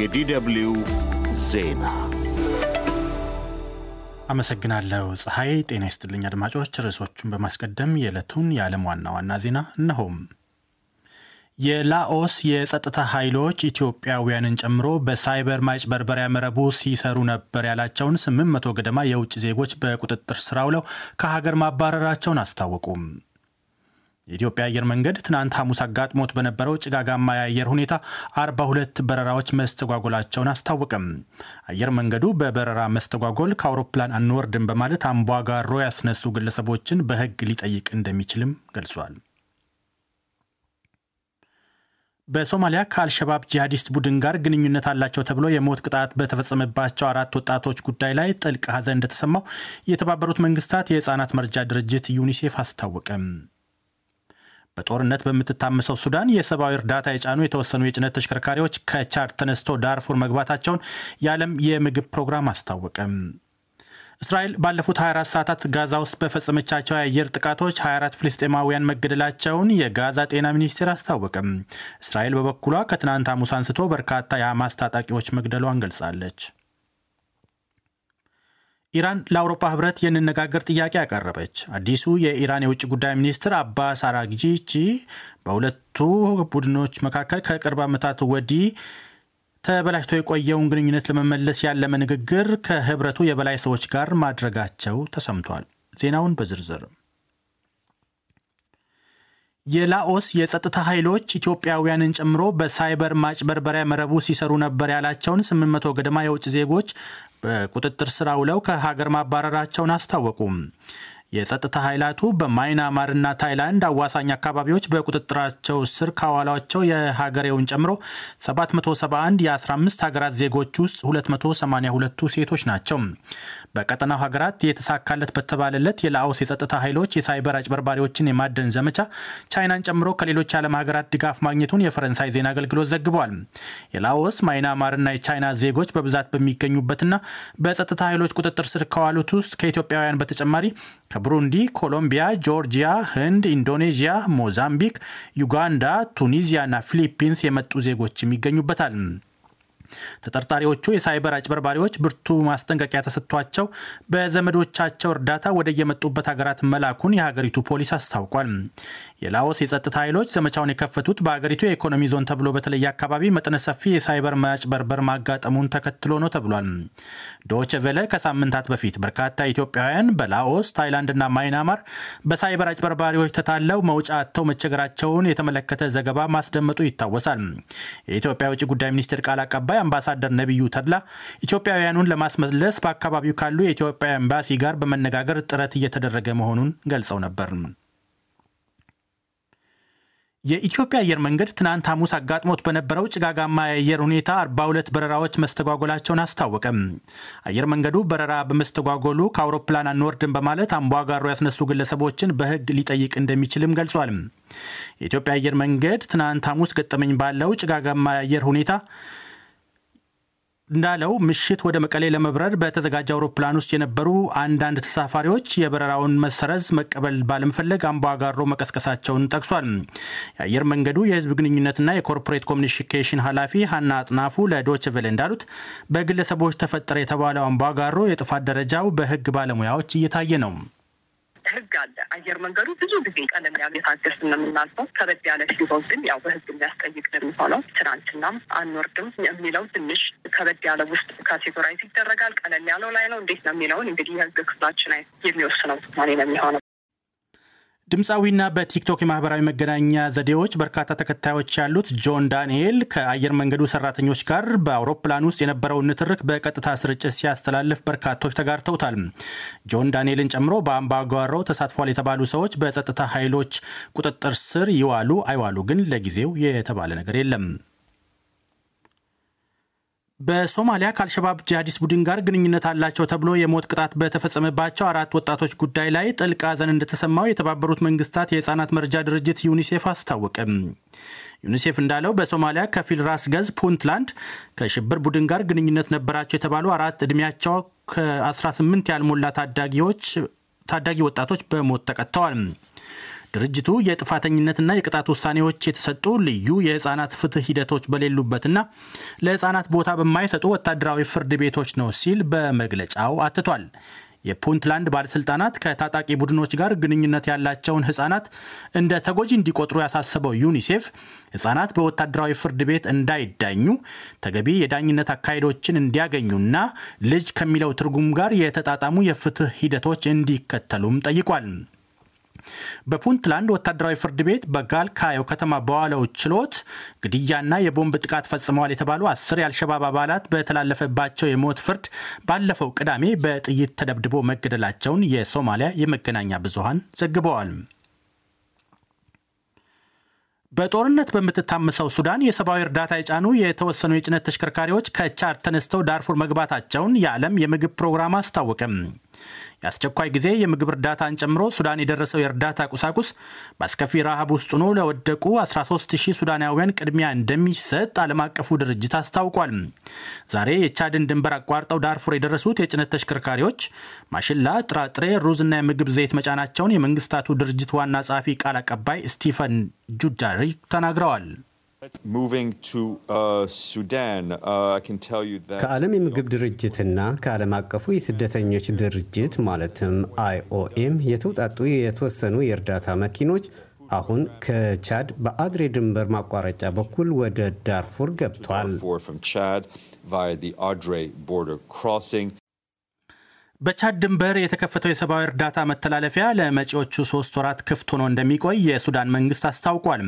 የዲደብልዩ ዜና አመሰግናለሁ ፀሐይ። ጤና ይስጥልኝ አድማጮች። ርዕሶቹን በማስቀደም የዕለቱን የዓለም ዋና ዋና ዜና እነሆም። የላኦስ የጸጥታ ኃይሎች ኢትዮጵያውያንን ጨምሮ በሳይበር ማጭበርበሪያ መረቡ ሲሰሩ ነበር ያላቸውን 800 ገደማ የውጭ ዜጎች በቁጥጥር ስራ ውለው ከሀገር ማባረራቸውን አስታወቁም። የኢትዮጵያ አየር መንገድ ትናንት ሐሙስ አጋጥሞት በነበረው ጭጋጋማ የአየር ሁኔታ 42 በረራዎች መስተጓጎላቸውን አስታወቀም። አየር መንገዱ በበረራ መስተጓጎል ከአውሮፕላን አንወርድም በማለት ጋሮ ያስነሱ ግለሰቦችን በሕግ ሊጠይቅ እንደሚችልም ገልጿል። በሶማሊያ ከአልሸባብ ጂሃዲስት ቡድን ጋር ግንኙነት አላቸው ተብሎ የሞት ቅጣት በተፈጸመባቸው አራት ወጣቶች ጉዳይ ላይ ጥልቅ ሐዘን እንደተሰማው የተባበሩት መንግስታት የሕፃናት መርጃ ድርጅት ዩኒሴፍ አስታወቀም። በጦርነት በምትታመሰው ሱዳን የሰብአዊ እርዳታ የጫኑ የተወሰኑ የጭነት ተሽከርካሪዎች ከቻድ ተነስቶ ዳርፉር መግባታቸውን የዓለም የምግብ ፕሮግራም አስታወቀም። እስራኤል ባለፉት 24 ሰዓታት ጋዛ ውስጥ በፈጸመቻቸው የአየር ጥቃቶች 24 ፍልስጤማውያን መገደላቸውን የጋዛ ጤና ሚኒስቴር አስታወቀም። እስራኤል በበኩሏ ከትናንት ሐሙስ አንስቶ በርካታ የሐማስ ታጣቂዎች መግደሏን ገልጻለች። ኢራን ለአውሮፓ ህብረት የንነጋገር ጥያቄ አቀረበች አዲሱ የኢራን የውጭ ጉዳይ ሚኒስትር አባስ አራግጂቺ በሁለቱ ቡድኖች መካከል ከቅርብ ዓመታት ወዲህ ተበላሽቶ የቆየውን ግንኙነት ለመመለስ ያለመ ንግግር ከህብረቱ የበላይ ሰዎች ጋር ማድረጋቸው ተሰምቷል። ዜናውን በዝርዝር የላኦስ የጸጥታ ኃይሎች ኢትዮጵያውያንን ጨምሮ በሳይበር ማጭበርበሪያ መረቡ ሲሰሩ ነበር ያላቸውን 800 ገደማ የውጭ ዜጎች በቁጥጥር ስር አውለው ከሀገር ማባረራቸውን አስታወቁ። የጸጥታ ኃይላቱ በማይናማርና ታይላንድ አዋሳኝ አካባቢዎች በቁጥጥራቸው ስር ካዋሏቸው የሀገሬውን ጨምሮ 771 የ15 ሀገራት ዜጎች ውስጥ 282ቱ ሴቶች ናቸው። በቀጠናው ሀገራት የተሳካለት በተባለለት የላኦስ የጸጥታ ኃይሎች የሳይበር አጭበርባሪዎችን የማደን ዘመቻ ቻይናን ጨምሮ ከሌሎች የዓለም ሀገራት ድጋፍ ማግኘቱን የፈረንሳይ ዜና አገልግሎት ዘግቧል። የላኦስ ማይናማርና የቻይና ዜጎች በብዛት በሚገኙበትና በጸጥታ ኃይሎች ቁጥጥር ስር ከዋሉት ውስጥ ከኢትዮጵያውያን በተጨማሪ ከቡሩንዲ፣ ኮሎምቢያ፣ ጆርጂያ፣ ህንድ፣ ኢንዶኔዥያ፣ ሞዛምቢክ፣ ዩጋንዳ፣ ቱኒዚያ እና ፊሊፒንስ የመጡ ዜጎችም ይገኙበታል። ተጠርጣሪዎቹ የሳይበር አጭበርባሪዎች ብርቱ ማስጠንቀቂያ ተሰጥቷቸው በዘመዶቻቸው እርዳታ ወደየመጡበት ሀገራት መላኩን የሀገሪቱ ፖሊስ አስታውቋል። የላኦስ የጸጥታ ኃይሎች ዘመቻውን የከፈቱት በሀገሪቱ የኢኮኖሚ ዞን ተብሎ በተለየ አካባቢ መጠነ ሰፊ የሳይበር ማጭበርበር ማጋጠሙን ተከትሎ ነው ተብሏል። ዶች ቬለ ከሳምንታት በፊት በርካታ ኢትዮጵያውያን በላኦስ ታይላንድና ማይናማር በሳይበር አጭበርባሪዎች ተታለው መውጫ አጥተው መቸገራቸውን የተመለከተ ዘገባ ማስደመጡ ይታወሳል። የኢትዮጵያ የውጭ ጉዳይ ሚኒስቴር ቃል አቀባይ አምባሳደር ነቢዩ ተድላ ኢትዮጵያውያኑን ለማስመለስ በአካባቢው ካሉ የኢትዮጵያ ኤምባሲ ጋር በመነጋገር ጥረት እየተደረገ መሆኑን ገልጸው ነበር። የኢትዮጵያ አየር መንገድ ትናንት ሐሙስ አጋጥሞት በነበረው ጭጋጋማ የአየር ሁኔታ 42 በረራዎች መስተጓጎላቸውን አስታወቀም። አየር መንገዱ በረራ በመስተጓጎሉ ከአውሮፕላን አንወርድን በማለት አምቧጋሮ ያስነሱ ግለሰቦችን በሕግ ሊጠይቅ እንደሚችልም ገልጿል። የኢትዮጵያ አየር መንገድ ትናንት ሐሙስ ገጠመኝ ባለው ጭጋጋማ የአየር ሁኔታ እንዳለው ምሽት ወደ መቀሌ ለመብረር በተዘጋጀ አውሮፕላን ውስጥ የነበሩ አንዳንድ ተሳፋሪዎች የበረራውን መሰረዝ መቀበል ባለመፈለግ አምቧጋሮ መቀስቀሳቸውን ጠቅሷል። የአየር መንገዱ የሕዝብ ግንኙነትና የኮርፖሬት ኮሚኒኬሽን ኃላፊ ሀና አጥናፉ ለዶይቼ ቬለ እንዳሉት በግለሰቦች ተፈጠረ የተባለው አምባጋሮ የጥፋት ደረጃው በህግ ባለሙያዎች እየታየ ነው። ህግ አለ። አየር መንገዱ ብዙ ጊዜ ቀለም ያሉ የታገስ የምናልፈው ከበድ ያለ ሲሆን ግን ያው በህግ የሚያስጠይቅ የሚሆነው ትናንትናም አንወርድም የሚለው ትንሽ ከበድ ያለ ውስጥ ካቴጎራይዝ ይደረጋል። ቀለም ያለው ላይ ነው እንዴት ነው የሚለውን እንግዲህ የህግ ክፍላችን የሚወስነው ውሳኔ ነው የሚሆነው። ድምፃዊና በቲክቶክ የማህበራዊ መገናኛ ዘዴዎች በርካታ ተከታዮች ያሉት ጆን ዳንኤል ከአየር መንገዱ ሰራተኞች ጋር በአውሮፕላን ውስጥ የነበረውን ንትርክ በቀጥታ ስርጭት ሲያስተላልፍ በርካቶች ተጋርተውታል። ጆን ዳንኤልን ጨምሮ በአምባጓሮ ተሳትፏል የተባሉ ሰዎች በጸጥታ ኃይሎች ቁጥጥር ስር ይዋሉ አይዋሉ ግን ለጊዜው የተባለ ነገር የለም። በሶማሊያ ከአልሸባብ ጂሃዲስ ቡድን ጋር ግንኙነት አላቸው ተብሎ የሞት ቅጣት በተፈጸመባቸው አራት ወጣቶች ጉዳይ ላይ ጥልቅ ሐዘን እንደተሰማው የተባበሩት መንግስታት የህፃናት መረጃ ድርጅት ዩኒሴፍ አስታወቀም። ዩኒሴፍ እንዳለው በሶማሊያ ከፊል ራስ ገዝ ፑንትላንድ ከሽብር ቡድን ጋር ግንኙነት ነበራቸው የተባሉ አራት ዕድሜያቸው ከ18 ያልሞላ ታዳጊዎች ታዳጊ ወጣቶች በሞት ተቀጥተዋል። ድርጅቱ የጥፋተኝነትና የቅጣት ውሳኔዎች የተሰጡ ልዩ የህፃናት ፍትህ ሂደቶች በሌሉበትና ለህፃናት ቦታ በማይሰጡ ወታደራዊ ፍርድ ቤቶች ነው ሲል በመግለጫው አትቷል። የፑንትላንድ ባለስልጣናት ከታጣቂ ቡድኖች ጋር ግንኙነት ያላቸውን ህጻናት እንደ ተጎጂ እንዲቆጥሩ ያሳሰበው ዩኒሴፍ ህጻናት በወታደራዊ ፍርድ ቤት እንዳይዳኙ ተገቢ የዳኝነት አካሄዶችን እንዲያገኙና ልጅ ከሚለው ትርጉም ጋር የተጣጣሙ የፍትህ ሂደቶች እንዲከተሉም ጠይቋል። በፑንትላንድ ወታደራዊ ፍርድ ቤት በጋልካዮ ከተማ በዋለው ችሎት ግድያና የቦምብ ጥቃት ፈጽመዋል የተባሉ አስር የአልሸባብ አባላት በተላለፈባቸው የሞት ፍርድ ባለፈው ቅዳሜ በጥይት ተደብድቦ መገደላቸውን የሶማሊያ የመገናኛ ብዙሃን ዘግበዋል። በጦርነት በምትታመሰው ሱዳን የሰብአዊ እርዳታ የጫኑ የተወሰኑ የጭነት ተሽከርካሪዎች ከቻድ ተነስተው ዳርፉር መግባታቸውን የዓለም የምግብ ፕሮግራም አስታወቀም። የአስቸኳይ ጊዜ የምግብ እርዳታን ጨምሮ ሱዳን የደረሰው የእርዳታ ቁሳቁስ በአስከፊ ረሃብ ውስጥ ሆኖ ለወደቁ 130 ሱዳናውያን ቅድሚያ እንደሚሰጥ ዓለም አቀፉ ድርጅት አስታውቋል። ዛሬ የቻድን ድንበር አቋርጠው ዳርፉር የደረሱት የጭነት ተሽከርካሪዎች ማሽላ፣ ጥራጥሬ፣ ሩዝና የምግብ ዘይት መጫናቸውን የመንግስታቱ ድርጅት ዋና ጸሐፊ ቃል አቀባይ ስቲፈን ጁዳሪክ ተናግረዋል። Uh, uh, ከዓለም የምግብ ድርጅትና ከዓለም አቀፉ የስደተኞች ድርጅት ማለትም አይኦኤም የተውጣጡ የተወሰኑ የእርዳታ መኪኖች አሁን ከቻድ በአድሬ ድንበር ማቋረጫ በኩል ወደ ዳርፉር ገብቷል። በቻድ ድንበር የተከፈተው የሰብአዊ እርዳታ መተላለፊያ ለመጪዎቹ ሶስት ወራት ክፍት ሆኖ እንደሚቆይ የሱዳን መንግስት አስታውቋል።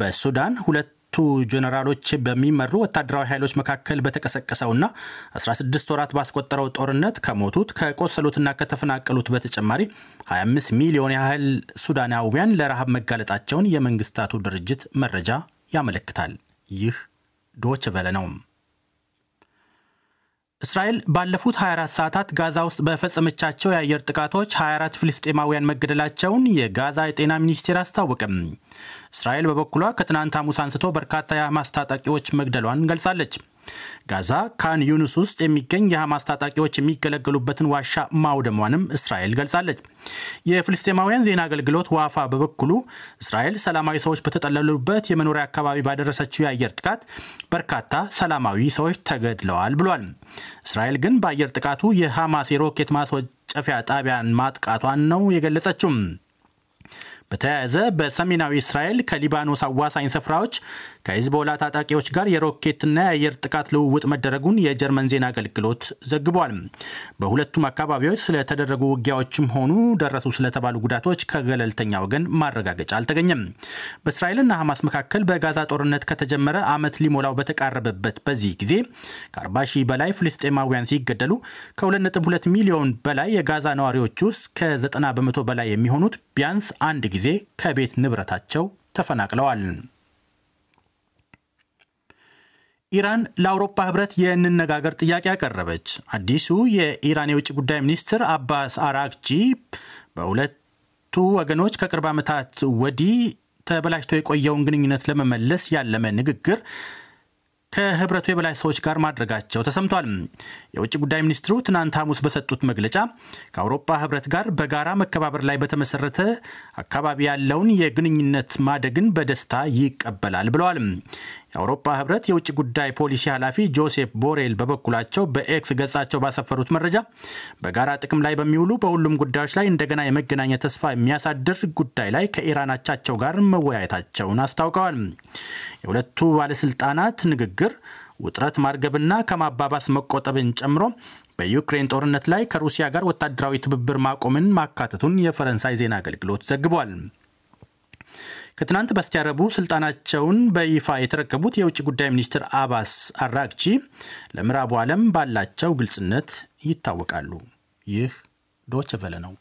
በሱዳን ሁለት ቱ ጀነራሎች በሚመሩ ወታደራዊ ኃይሎች መካከል በተቀሰቀሰውና 16 ወራት ባስቆጠረው ጦርነት ከሞቱት ከቆሰሉትና ከተፈናቀሉት በተጨማሪ 25 ሚሊዮን ያህል ሱዳናውያን ለረሃብ መጋለጣቸውን የመንግስታቱ ድርጅት መረጃ ያመለክታል። ይህ ዶችቨለ ነው። እስራኤል ባለፉት 24 ሰዓታት ጋዛ ውስጥ በፈጸመቻቸው የአየር ጥቃቶች 24 ፍልስጤማውያን መገደላቸውን የጋዛ የጤና ሚኒስቴር አስታወቅም። እስራኤል በበኩሏ ከትናንት ሐሙስ አንስቶ በርካታ የሐማስ ታጣቂዎች መግደሏን ገልጻለች። ጋዛ ካን ዩኑስ ውስጥ የሚገኝ የሐማስ ታጣቂዎች የሚገለገሉበትን ዋሻ ማውደሟንም እስራኤል ገልጻለች። የፍልስጤማውያን ዜና አገልግሎት ዋፋ በበኩሉ እስራኤል ሰላማዊ ሰዎች በተጠለሉበት የመኖሪያ አካባቢ ባደረሰችው የአየር ጥቃት በርካታ ሰላማዊ ሰዎች ተገድለዋል ብሏል። እስራኤል ግን በአየር ጥቃቱ የሐማስ የሮኬት ማስወጨፊያ ጣቢያን ማጥቃቷን ነው የገለጸችውም። በተያያዘ በሰሜናዊ እስራኤል ከሊባኖስ አዋሳኝ ስፍራዎች ከሂዝቦላ ታጣቂዎች ጋር የሮኬትና የአየር ጥቃት ልውውጥ መደረጉን የጀርመን ዜና አገልግሎት ዘግቧል። በሁለቱም አካባቢዎች ስለተደረጉ ውጊያዎችም ሆኑ ደረሱ ስለተባሉ ጉዳቶች ከገለልተኛ ወገን ማረጋገጫ አልተገኘም። በእስራኤልና ሐማስ መካከል በጋዛ ጦርነት ከተጀመረ ዓመት ሊሞላው በተቃረበበት በዚህ ጊዜ ከ40 ሺህ በላይ ፍልስጤማውያን ሲገደሉ ከ2.2 ሚሊዮን በላይ የጋዛ ነዋሪዎች ውስጥ ከ90 በመቶ በላይ የሚሆኑት ቢያንስ አንድ ጊዜ ጊዜ ከቤት ንብረታቸው ተፈናቅለዋል። ኢራን ለአውሮፓ ህብረት የእንነጋገር ጥያቄ አቀረበች። አዲሱ የኢራን የውጭ ጉዳይ ሚኒስትር አባስ አራግቺ በሁለቱ ወገኖች ከቅርብ ዓመታት ወዲህ ተበላሽቶ የቆየውን ግንኙነት ለመመለስ ያለመ ንግግር ከህብረቱ የበላይ ሰዎች ጋር ማድረጋቸው ተሰምቷል። የውጭ ጉዳይ ሚኒስትሩ ትናንት ሐሙስ በሰጡት መግለጫ ከአውሮፓ ህብረት ጋር በጋራ መከባበር ላይ በተመሰረተ አካባቢ ያለውን የግንኙነት ማደግን በደስታ ይቀበላል ብለዋል። የአውሮፓ ህብረት የውጭ ጉዳይ ፖሊሲ ኃላፊ ጆሴፕ ቦሬል በበኩላቸው በኤክስ ገጻቸው ባሰፈሩት መረጃ በጋራ ጥቅም ላይ በሚውሉ በሁሉም ጉዳዮች ላይ እንደገና የመገናኘት ተስፋ የሚያሳድር ጉዳይ ላይ ከኢራን አቻቸው ጋር መወያየታቸውን አስታውቀዋል። የሁለቱ ባለስልጣናት ንግግር ውጥረት ማርገብና ከማባባስ መቆጠብን ጨምሮ በዩክሬን ጦርነት ላይ ከሩሲያ ጋር ወታደራዊ ትብብር ማቆምን ማካተቱን የፈረንሳይ ዜና አገልግሎት ዘግቧል። ከትናንት በስቲያ ረቡዕ ስልጣናቸውን በይፋ የተረከቡት የውጭ ጉዳይ ሚኒስትር አባስ አራግቺ ለምዕራቡ ዓለም ባላቸው ግልጽነት ይታወቃሉ። ይህ ዶች ቨለ ነው።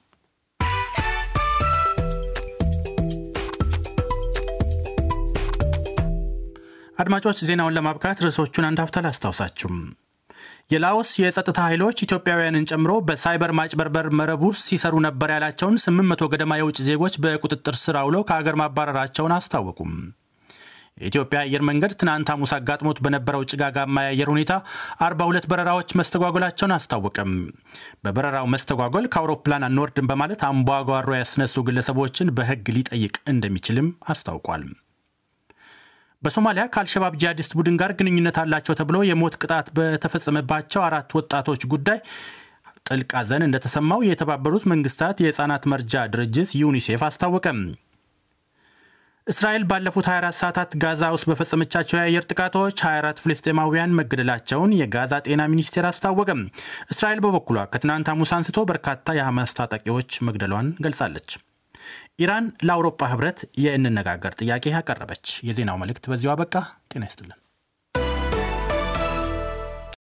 አድማጮች ዜናውን ለማብቃት ርዕሶቹን አንድ ሀፍታ ላስታውሳችሁም። የላኦስ የጸጥታ ኃይሎች ኢትዮጵያውያንን ጨምሮ በሳይበር ማጭበርበር መረብ ውስጥ ሲሰሩ ነበር ያላቸውን 800 ገደማ የውጭ ዜጎች በቁጥጥር ስር አውለው ከሀገር ማባረራቸውን አስታወቁም። የኢትዮጵያ አየር መንገድ ትናንት ሐሙስ አጋጥሞት በነበረው ጭጋጋማ የአየር ሁኔታ 42 በረራዎች መስተጓጎላቸውን አስታወቀም። በበረራው መስተጓጎል ከአውሮፕላን አንወርድም በማለት አምቧጓሮ ያስነሱ ግለሰቦችን በሕግ ሊጠይቅ እንደሚችልም አስታውቋል። በሶማሊያ ከአልሸባብ ጂሃዲስት ቡድን ጋር ግንኙነት አላቸው ተብሎ የሞት ቅጣት በተፈጸመባቸው አራት ወጣቶች ጉዳይ ጥልቅ ሐዘን እንደተሰማው የተባበሩት መንግስታት የህፃናት መርጃ ድርጅት ዩኒሴፍ አስታወቀም። እስራኤል ባለፉት 24 ሰዓታት ጋዛ ውስጥ በፈጸመቻቸው የአየር ጥቃቶች 24 ፍልስጤማውያን መገደላቸውን የጋዛ ጤና ሚኒስቴር አስታወቀም። እስራኤል በበኩሏ ከትናንት ሐሙስ አንስቶ በርካታ የሐማስ ታጣቂዎች መግደሏን ገልጻለች። ኢራን ለአውሮፓ ህብረት የእንነጋገር ጥያቄ ያቀረበች። የዜናው መልእክት በዚሁ አበቃ። ጤና ይስጥልን።